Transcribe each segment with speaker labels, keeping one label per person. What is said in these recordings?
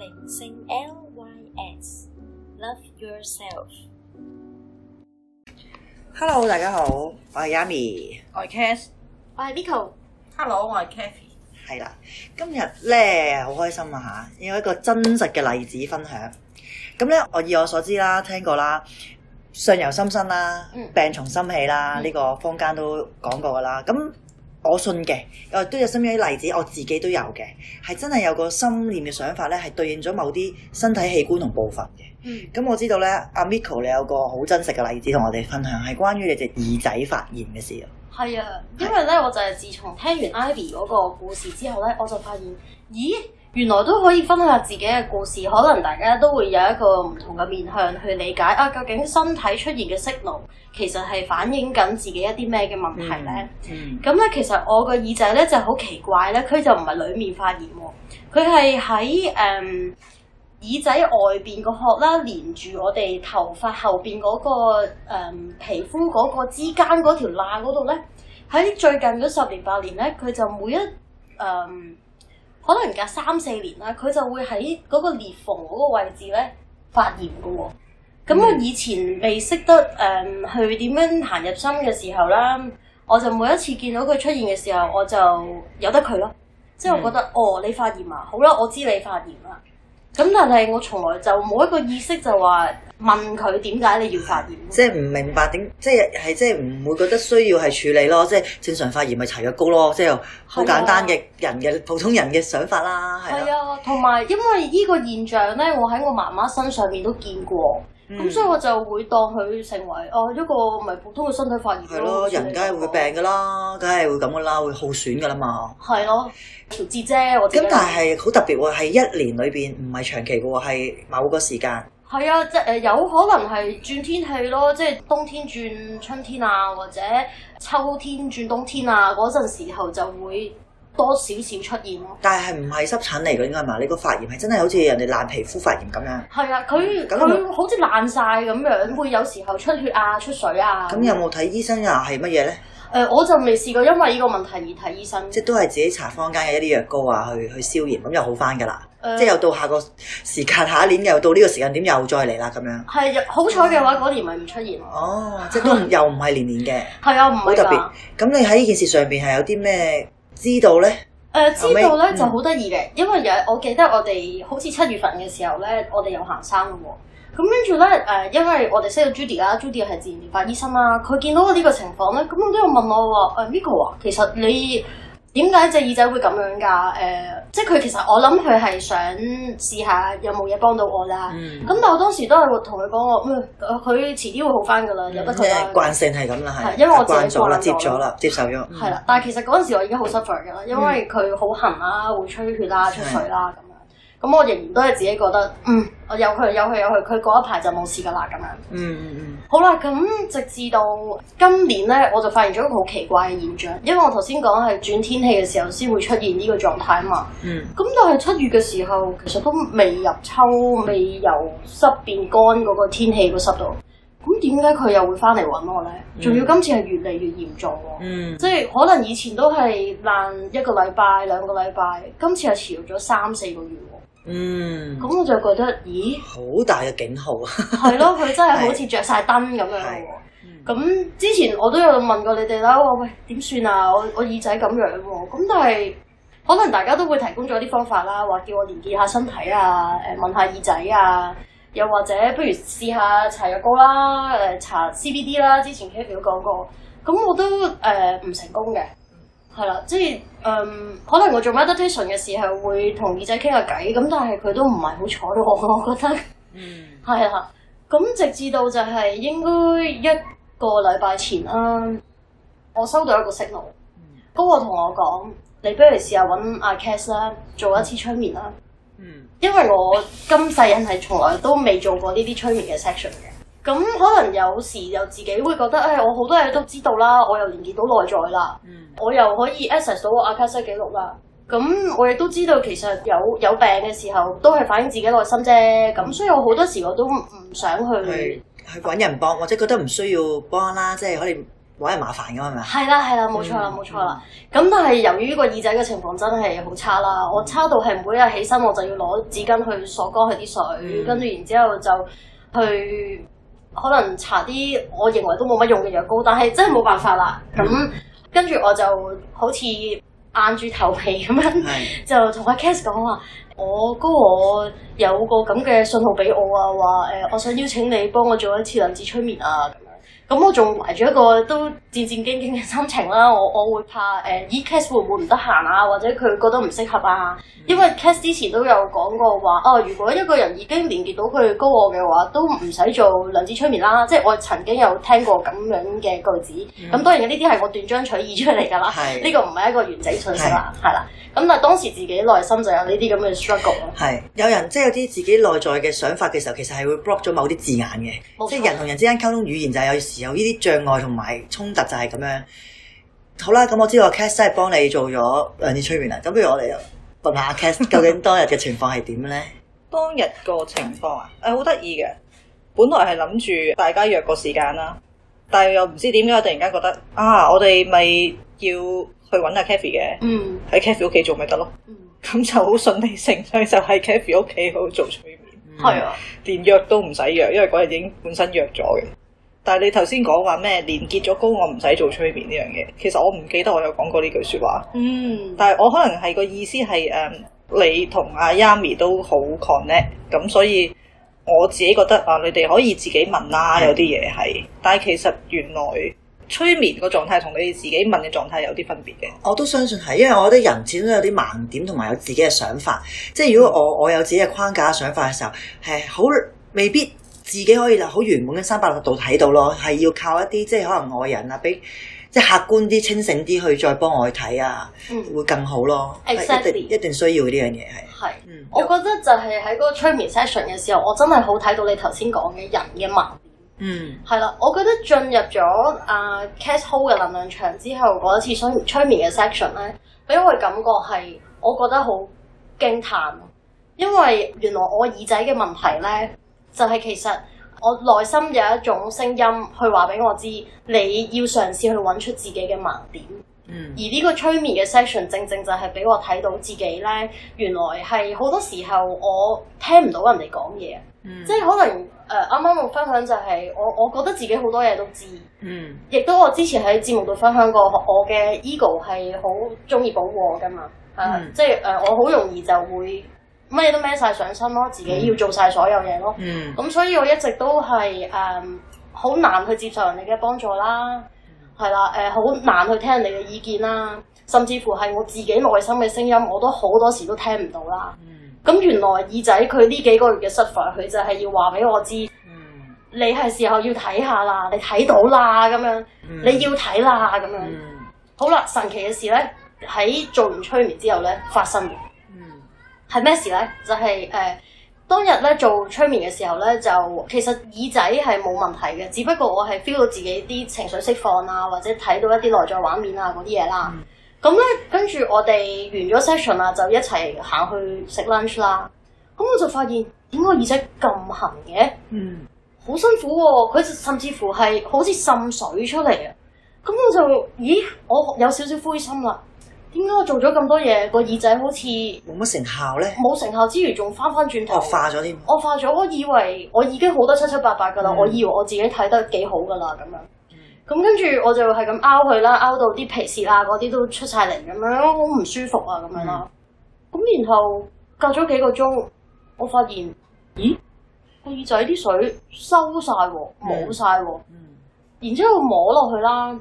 Speaker 1: 靈性 L Y S，Love yourself。Hello，大家好，我係 Yami，我係 Cass，我係
Speaker 2: Mikko。Hello，我係 Cathy。
Speaker 1: 係啦，今日咧好開心啊吓，要一個真實嘅例子分享。咁咧，我以我所知啦，聽過啦，病由心生啦，病從心起啦，呢個坊間都講過噶啦。咁我信嘅，誒都有身邊啲例子，我自己都有嘅，係真係有個心念嘅想法咧，係對應咗某啲身體器官同部分嘅。嗯，咁我知道咧，阿 Mikko 你有個好真實嘅例子同我哋分享，係關於你隻耳仔發炎嘅事啊。係啊，因
Speaker 2: 為咧，我就係自從聽完 Ivy 嗰個故事之後咧，我就發現，咦？原來都可以分享下自己嘅故事，可能大家都會有一個唔同嘅面向去理解啊。究竟身體出現嘅訊號，其實係反映緊自己一啲咩嘅問題咧？咁咧、嗯嗯嗯，其實我個耳仔咧就好奇怪咧，佢就唔係裏面發炎，佢係喺誒耳仔外邊個殼啦，連住我哋頭髮後邊嗰、嗰個誒、um, 皮膚嗰個之間嗰條罅嗰度咧。喺最近嗰十年八年咧，佢就每一誒。Um, 可能隔三四年啦，佢就會喺嗰個裂縫嗰個位置咧發炎嘅，哦。咁我、嗯、以前未識得誒、嗯，去點樣行入心嘅時候啦，我就每一次見到佢出現嘅時候，我就由得佢咯。嗯、
Speaker 1: 即係我覺得，
Speaker 2: 哦，你發炎啊，好啦，我知你發炎啦。咁但係我從來就冇一個意識就話問佢點解你要發炎，
Speaker 1: 即，即係唔明白點，即係係即係唔會覺得需要係處理咯，即係正常發炎咪搽藥膏咯，即係好簡單嘅人嘅、啊、普通人嘅想法啦，係
Speaker 2: 係啊，同埋、啊、因為呢個現象咧，我喺我媽媽身上面都見過。咁、嗯、所以我就會當佢成為哦、啊、一個唔係普通嘅身體發炎。係咯的，人
Speaker 1: 梗係會病㗎啦，梗係會咁㗎啦，會耗損㗎啦嘛。
Speaker 2: 係咯的，調節啫。我咁但
Speaker 1: 係好特別喎，係一年裏邊唔係長期嘅喎，係某個時間。
Speaker 2: 係啊，即係誒有可能係轉天氣咯，即係冬天轉春天啊，或者秋天轉冬天啊，嗰陣時候就會。多少
Speaker 1: 少出現咯，但係唔係濕疹嚟嘅，應該係嘛？你個發炎係真係好似人哋爛皮膚發炎咁樣。
Speaker 2: 係啊，佢好似爛晒咁樣，會有時候出血啊、出水啊。咁有
Speaker 1: 冇睇醫生啊？係乜嘢呢？
Speaker 2: 誒，我就未試過因為呢個問題而睇醫生。即
Speaker 1: 都係自己搽坊間嘅一啲藥膏啊，去去消炎，咁又好返㗎啦。即又到下個時間，下一年又到呢個時間點又再嚟啦咁樣。
Speaker 2: 係，好彩嘅話嗰年咪唔出
Speaker 1: 現咯。哦，即都又唔係年年嘅。
Speaker 2: 係啊，唔會。好特別。
Speaker 1: 咁你喺呢件事上邊係有啲咩？知道咧？
Speaker 2: 誒、啊，知道咧們就好得意嘅，嗯、因為有我記得我哋好似七月份嘅時候咧，我哋有行山咯喎、哦。咁跟住咧，誒、呃，因為我哋識到 Judy 啦，Judy 係自然療法醫生啦，佢見到我呢個情況咧，咁佢都有問我話、哎、：Mikko 啊，其實你。點解隻耳仔會咁樣噶？誒、呃，即係佢其實我諗佢係想試下有冇嘢幫到我啦。咁、嗯、但係我當時都係會同佢講我，佢、呃、遲啲會好翻噶啦，嗯、有乜同、啊？即係
Speaker 1: 慣性係咁啦，係是因為我自己接咗啦，接受咗。係啦、
Speaker 2: 嗯，但係其實嗰陣時我已經好 suffer 噶啦，因為佢好痕啦，嗯、會吹血啦，出水啦的咁我仍然都係自己覺得，嗯，我有去、有去、有去，佢嗰一排就冇事噶啦，咁樣。嗯嗯嗯。Hmm. 好啦，咁直至到今年咧，我就發現咗一個好奇怪嘅現象，因為我頭先講係轉天氣嘅時候先會出現呢個狀態啊嘛。嗯、mm。咁但係七月嘅時候，其實都未入秋，未由濕變乾嗰個天氣嘅濕度，咁點解佢又會翻嚟揾我咧？仲要、mm hmm. 今次係越嚟越嚴重喎。嗯、mm。Hmm. 即係可能以前都係爛一個禮拜兩個禮拜，今次係持續咗三四個月。嗯，咁我就覺得，咦，
Speaker 1: 好大嘅警號
Speaker 2: 啊！係 咯，佢真係好似着晒燈咁樣喎。咁、嗯、之前我都有問過你哋啦，話喂，點算啊？我我耳仔咁樣喎、啊，咁但係可能大家都會提供咗啲方法啦，話叫我連結下身體啊，誒，問下耳仔啊，又或者不如試下搽藥膏啦，誒，搽 C B D 啦，之前 Katy 講過，咁我都誒唔成功嘅。係啦，即係嗯、呃，可能我做 meditation 嘅時候會同耳仔傾下偈咁，但係佢都唔係好睬我，我覺得嗯係啊。咁、mm. 直至到就係應該一個禮拜前啦、啊，我收到一個 signal，嗰個同我講，你不如試下搵阿 Cass 啦做一次催眠啦。嗯，mm. 因為我今世人係從來都未做過呢啲催眠嘅 section 嘅。咁可能有時又自己會覺得，誒、哎、我好多嘢都知道啦，我又連結到內在啦，嗯、我又可
Speaker 1: 以 access 到
Speaker 2: 我阿卡西記錄啦。咁我亦都知道，其實有有病嘅時候都係反映自己內心啫。咁所以我好多時我
Speaker 1: 都唔想去揾人幫，或者覺得唔需要幫啦，即、就、係、是、可以攞人麻煩咁係咪啊？係
Speaker 2: 啦，係啦，冇錯啦，冇、嗯、錯啦。咁但係由於個耳仔嘅情況真係好差啦，我差到係每日起身我就要攞紙巾去索乾佢啲水，跟住、嗯、然之後，後就去。可能搽啲我認為都冇乜用嘅藥膏，但係真係冇辦法啦。咁跟住我就好似硬住頭皮咁樣， 就同阿 Cass 講話，我哥我有個咁嘅信號俾我啊，話誒、呃、我想邀請你幫我做一次量子催眠啊。咁我仲懷住一個都戰戰兢兢嘅心情啦，我我會怕誒、uh，case 會唔會唔得閒啊，或者佢覺得唔適合啊？因為 case 之前都有講過話，哦，如果一個人已經連結到佢高我嘅話，都唔使做量子催眠啦。即係我曾經有聽過咁樣嘅句子。咁、嗯、當然呢啲係我斷章取義出嚟㗎啦，呢是個唔係一個完整信息啦，係是啦。咁但係當時自己內心就有呢啲咁嘅 struggle 咯。
Speaker 1: 係，有人即係、就是、有啲自己內在嘅想法嘅時候，其實係會 block 咗某啲字眼嘅，即係、嗯、人同人之間溝通語言就係有有呢啲障礙同埋衝突就係咁樣。好啦，咁、嗯、我知道 cast 係幫你做咗兩次催眠啦。咁不如我哋問下 cast 究竟當日嘅情況係點咧？
Speaker 3: 當日個情況啊，誒好得意嘅。本來係諗住大家約個時間啦，但係又唔知點解我突然間覺得啊，我哋咪要去揾下 Kathy 嘅，喺、嗯、Kathy 屋企做咪得咯。咁、嗯、就好順理成章，就喺 Kathy 屋企度做催眠。係啊，連約都唔使約，因為嗰日已經本身約咗嘅。但係你頭先講話咩連結咗高我唔使做催眠呢樣嘢，其實我唔記得我有講過呢句說話。嗯，但係我可能係個意思係誒，um, 你同阿 Yami 都好 connect，咁所以我自己覺得啊，你哋可以自己問啦、啊、嗯、有啲嘢係，但係其實原來催眠個狀態同你哋自己問嘅狀態有啲分別嘅。
Speaker 1: 我都相信係，因為我覺得人始終都有啲盲點同埋有自己嘅想法，即係如果我我有自己嘅框架想法嘅時候，係好未必。自己可以啦，好完滿嘅三百六度睇到咯，係要靠一啲即係可能外人啊，俾即係客觀啲、清醒啲去再幫我去睇啊，嗯、會更好咯。Exactly，一定需要呢樣嘢係。
Speaker 2: 係是，嗯、我覺得就係喺嗰個催眠 session 嘅時候，我真係好睇到你頭先講嘅人嘅盲點。
Speaker 1: 嗯，
Speaker 2: 係啦，我覺得進入咗啊、uh, cast hall 嘅能量場之後嗰一次催催眠嘅 section 咧，俾我嘅感覺係，我覺得好驚歎，因為原來我耳仔嘅問題咧。就係其實我內心有一種聲音，去話俾我知，你要嘗試去揾出自己嘅盲點。嗯，而呢個催眠嘅 session 正正就係俾我睇到自己咧，原來係好多時候我聽唔到人哋講嘢。嗯，即係可能誒，啱啱我分享就係我，我覺得自己好多嘢都知。嗯，亦都我之前喺節目度分享過，我嘅 ego 係好中意保護我噶嘛。嗯、啊，即係誒、呃，我好容易就會。乜嘢都孭晒上身咯，自己要做晒所有嘢咯。咁、mm hmm. 所以我一直都係誒，好、呃、難去接受人哋嘅幫助啦，係、mm hmm. 啦，誒、呃，好難去聽人哋嘅意見啦，甚至乎係我自己內心嘅聲音，我都好多時都聽唔到啦。咁、mm hmm. 原來耳仔佢呢幾個月嘅 suffer，佢就係要話俾我知，mm hmm. 你係時候要睇下啦，你睇到啦咁樣，mm hmm. 你要睇啦咁樣。Mm hmm. 好啦，神奇嘅事呢，喺做完催眠之後呢發生。係咩事咧？就係、是、誒、呃，當日咧做催眠嘅時候咧，就其實耳仔係冇問題嘅，只不過我係 feel 到自己啲情緒釋放啊，或者睇到一啲內在畫面啊嗰啲嘢啦。咁咧、啊 mm hmm.，跟住我哋完咗 session 啊，就一齊行去食 lunch 啦。咁、嗯嗯嗯、我就發現點解耳仔咁痕嘅？嗯，好辛苦喎！佢甚至乎係好似滲水出嚟啊！咁我就咦，我有少少灰心啦。點解我做咗咁多嘢，個耳仔好似冇乜成效咧？冇成效之餘，仲翻翻
Speaker 1: 轉頭，我化咗添。
Speaker 2: 我化咗，我以為我已經好得七七八八噶啦，嗯、我以為我自己睇得幾好噶啦咁樣。咁、嗯、跟住我就係咁拗佢啦，拗到啲皮屑啊嗰啲都出晒嚟，咁樣好唔舒服啊咁樣啦。咁、嗯、然後隔咗幾個鐘，我發現咦個、嗯、耳仔啲水收晒，冇晒、嗯。嗯。然之後摸落去啦，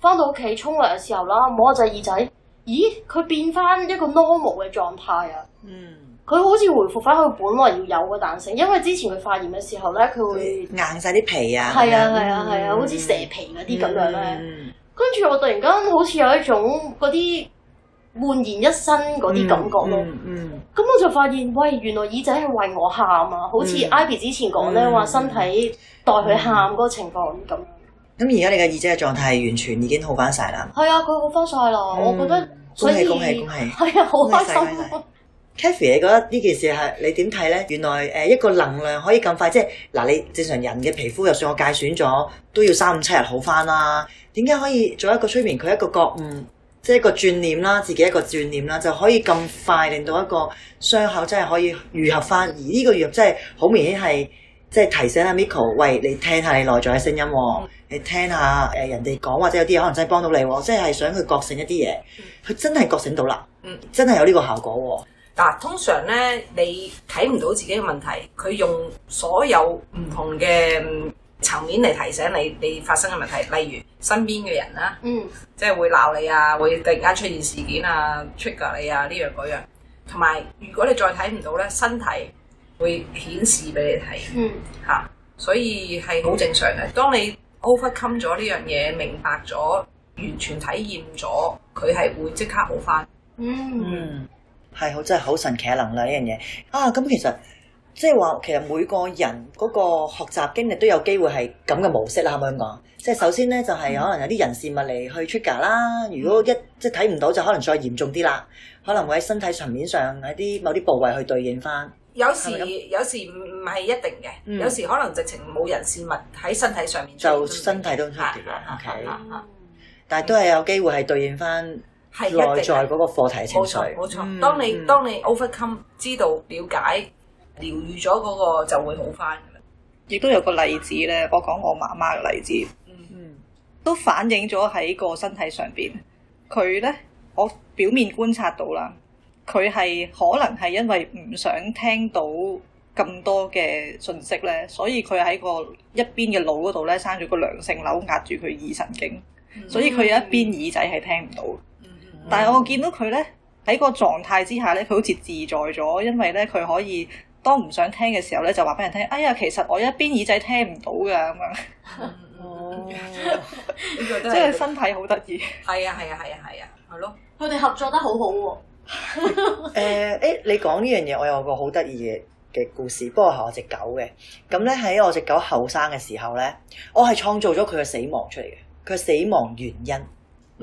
Speaker 2: 翻到屋企沖涼嘅時候啦，摸一下隻耳仔。咦，佢變翻一個 normal 嘅狀態啊！嗯，佢好似回復翻佢本來要有嘅彈性，因為之前佢發炎嘅時候咧，佢會硬晒啲皮啊，係啊係啊係啊，好似、嗯啊啊啊啊、蛇皮嗰啲咁樣咧。嗯、跟住我突然間好似有一種嗰啲煥然一新嗰啲感覺咯、嗯。嗯，咁、嗯、我就發現，喂，原來耳仔係為我喊啊！好似 Ivy 之前講咧話，嗯、身體代佢喊嗰個情況咁。
Speaker 1: 咁而家你嘅耳仔嘅狀態係完全已經好翻晒啦。
Speaker 2: 係啊、嗯，佢好翻晒咯，我覺得恭喜恭喜恭喜！係啊，好
Speaker 1: 開心。Kathy，你覺得呢件事係你點睇呢？原來誒一個能量可以咁快，即係嗱，你正常人嘅皮膚，就算我介損咗，都要三五七日好翻啦。點解可以做一個催眠？佢一個覺悟，即係一個轉念啦，自己一個轉念啦，就可以咁快令到一個傷口真係可以癒合翻。而呢個癒合真係好明顯係。即係提醒啦，Miko，喂，你聽下你內在嘅聲音，mm hmm. 你聽下誒人哋講，或者有啲可能真係幫到你，即、就、係、是、想佢覺醒一啲嘢，佢、mm hmm. 真係覺醒到啦，嗯、mm，hmm. 真係有呢個效果喎。
Speaker 4: 嗱，通常咧你睇唔到自己嘅問題，佢用所有唔同嘅層面嚟提醒你，你發生嘅問題，例如身邊嘅人啦，嗯、mm，hmm. 即係會鬧你啊，會突然間出現事件啊，trigger 你啊，呢樣嗰樣，同埋如果你再睇唔到咧，身體。會顯示俾你睇，吓、嗯啊，所以係好正常嘅。嗯、當你 overcome 咗呢樣嘢，明白咗，完全體驗咗，佢係會
Speaker 1: 即刻好翻。嗯，係好真係好神奇嘅能力呢樣嘢。啊，咁其實即係話，其實每個人嗰個學習經歷都有機會係咁嘅模式啦，可唔可以咁講？即係、嗯、首先咧，就係、是、可能有啲人事物嚟去 trigger 啦。如果一即係睇唔到，就可能再嚴重啲啦。可能會喺身體層面上喺啲某啲部位去對應翻。有
Speaker 4: 時是是，有時唔唔係一定嘅，嗯、有時可能直情冇人事物喺身體上面，就
Speaker 1: 身體都出現啦。OK，但係都係有機會係對應翻內在嗰個課題情緒。冇錯冇
Speaker 4: 錯，當你當你 overcome 知道了解療愈咗嗰個就會好翻。亦都有個例子咧，我講我媽媽嘅例
Speaker 3: 子，嗯，都反映咗喺個身體上邊。佢咧，我表面觀察到啦。佢係可能係因為唔想聽到咁多嘅信息咧，所以佢喺個一邊嘅腦嗰度咧，生咗個良性瘤，壓住佢耳神經，所以佢有一邊耳仔係聽唔到。但係我見到佢咧喺個狀態之下咧，佢好似自在咗，因為咧佢可以當唔想聽嘅時候咧就話俾人聽，哎呀，其實我一邊耳仔聽唔到㗎咁樣。哦，即係身體好得意。係啊係啊係啊係啊，係咯，
Speaker 2: 佢哋合作得好好喎。
Speaker 1: 誒，誒、 uh, 欸，你講呢樣嘢，我有個好得意嘅故事，不過係我隻狗嘅。咁咧喺我隻狗後生嘅時候咧，我係創造咗佢嘅死亡出嚟嘅，佢嘅死亡原因。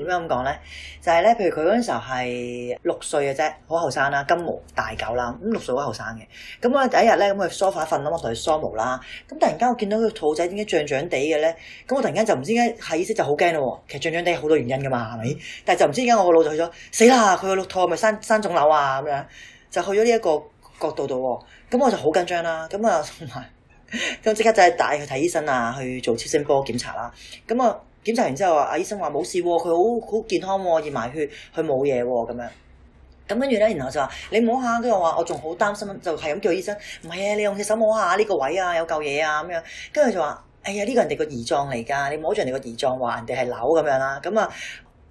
Speaker 1: 點解咁講咧？就係咧，譬如佢嗰陣時候係六歲嘅啫，好後生啦，金毛大狗啦，咁六歲好後生嘅。咁我第一日咧，咁佢梳化瞓啦，我同佢梳毛啦。咁突然間我見到佢肚仔點解脹脹地嘅咧？咁我突然間就唔知點解下意識就好驚咯。其實脹脹地好多原因噶嘛，係咪？但係就唔知點解我個腦就去咗死啦。佢個肚係咪生生腫瘤啊？咁樣就去咗呢一個角度度。咁我就好緊張啦。咁啊同埋咁即刻就係帶去睇醫生啊，去做超聲波檢查啦。咁啊。檢查完之後，阿醫生話冇事喎，佢好好健康喎，驗埋血佢冇嘢喎，咁樣。咁跟住咧，然後就話你摸下，跟住我話我仲好擔心，就係咁叫醫生。唔係啊，你用隻手摸下呢個位啊，有嚿嘢啊咁樣。跟住就話，哎呀呢個人哋個胰臟嚟㗎，你摸住人哋個胰臟話人哋係瘤咁樣啦。咁啊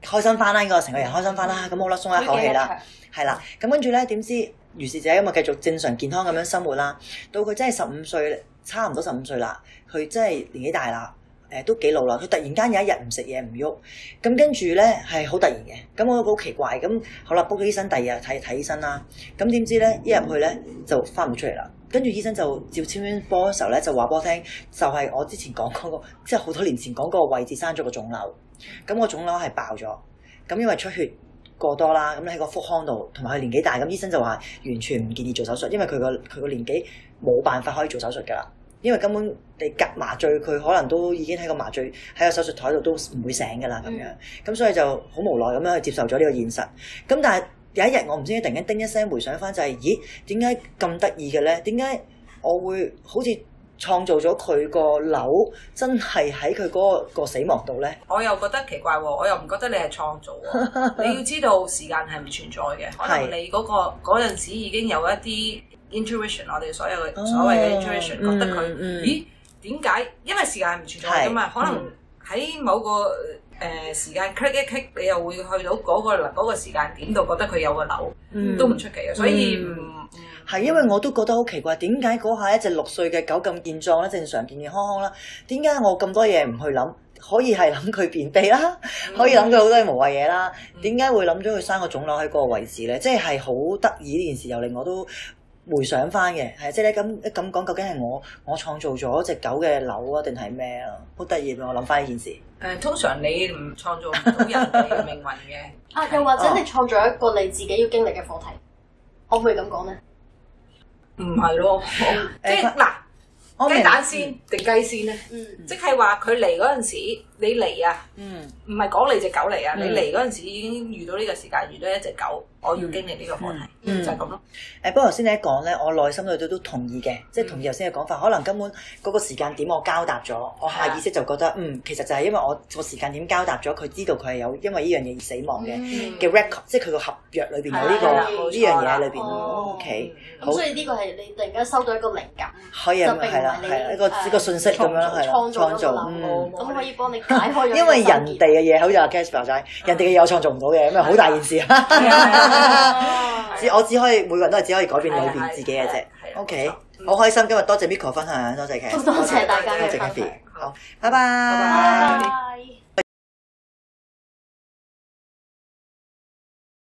Speaker 1: 開心翻啦，呢個成個人開心翻啦，咁好啦，鬆一口氣啦，係啦。咁跟住咧點知，於是就因為繼續正常健康咁樣生活啦。到佢真係十五歲，差唔多十五歲啦，佢真係年紀大啦。誒都幾老啦，佢突然間有一日唔食嘢唔喐，咁跟住咧係好突然嘅，咁我覺得好奇怪。咁好啦，book 咗醫生，第二日睇睇醫生啦。咁點知咧一入去咧就翻唔出嚟啦。跟住醫生就照超音波嗰時候咧就話俾我聽，就係我之前講嗰個，即係好多年前講嗰個位置生咗個腫瘤。咁個腫瘤係爆咗，咁因為出血過多啦，咁喺個腹腔度，同埋佢年紀大，咁醫生就話完全唔建議做手術，因為佢個佢個年紀冇辦法可以做手術㗎啦。因為根本你夾麻醉，佢可能都已經喺個麻醉喺個手術台度都唔會醒噶啦，咁樣咁、嗯、所以就好無奈咁樣去接受咗呢個現實。咁但係有一日我唔知我突然間叮一聲回想翻就係、是，咦點解咁得意嘅咧？點解我會好似創造咗佢個瘤真係喺佢嗰個死亡度咧？
Speaker 4: 我又覺得奇怪喎、哦，我又唔覺得你係創造、哦、 你要知道時間係唔存在嘅，可能你嗰、嗰個嗰陣是時已經有一啲。intuition，我哋所有嘅所謂嘅 intuition，、哦、覺得佢，嗯、咦，點解？因為時間唔存在咁嘛，是可能喺某個誒、嗯呃、時間 click 一 click，你又會去到嗰、那個嗱嗰、那個時間點度，覺得佢有個瘤，嗯、
Speaker 1: 都唔出奇嘅。所以係因為我都覺得好奇怪，點解嗰下一隻六歲嘅狗咁健壯咧，正常健健康康啦？點解我咁多嘢唔去諗？可以係諗佢便秘啦，可以諗佢好多無謂嘢啦？點解會諗咗佢生個腫瘤喺嗰個位置咧？即係好得意呢、就是、件事，又令我都～回想翻嘅，係即係咧咁咁講，究竟係我我創造咗隻狗嘅樓啊，定係咩啊？好得意啊！我諗翻呢件事。誒、
Speaker 4: 呃，通常你唔創造到人
Speaker 2: 哋嘅命運嘅。 的啊，又或者你創造一個你自己要經歷嘅課題，可唔可以咁講咧？
Speaker 4: 唔係、哦、咯，嗯欸、即
Speaker 2: 係嗱，
Speaker 4: 他啦我雞蛋
Speaker 2: 先定、嗯、雞先咧？嗯，即係話佢嚟
Speaker 4: 嗰陣時。你嚟啊，唔係講你隻狗嚟啊！你嚟嗰陣時已經
Speaker 1: 遇到呢個時間，遇到一隻狗，我要經歷呢個課題，就係咁咯。誒，不過頭先你一講咧，我內心裏頭都同意嘅，即係同意頭先嘅講法。可能根本嗰個時間點我交達咗，我下意識就覺得，嗯，其實就係因為我個時間點交達咗，佢知道佢係有因為呢樣嘢而死亡嘅嘅 record，即係佢個合約裏邊有呢個呢樣嘢喺裏邊。OK，好。
Speaker 2: 咁
Speaker 1: 所以呢個係你突然間收到一個靈感，就並唔係你誒創造創造咗諗，咁可以幫你。因為人哋嘅嘢，好似阿 Casper 仔，人哋嘅嘢我創造唔到嘅，咁啊好大件事啊！我只可以每個人都係只可以改變裏面自己嘅啫。OK，好開心今日多謝 Mikko 分享，多謝 Cathy，多謝大家嘅分享。好，拜拜。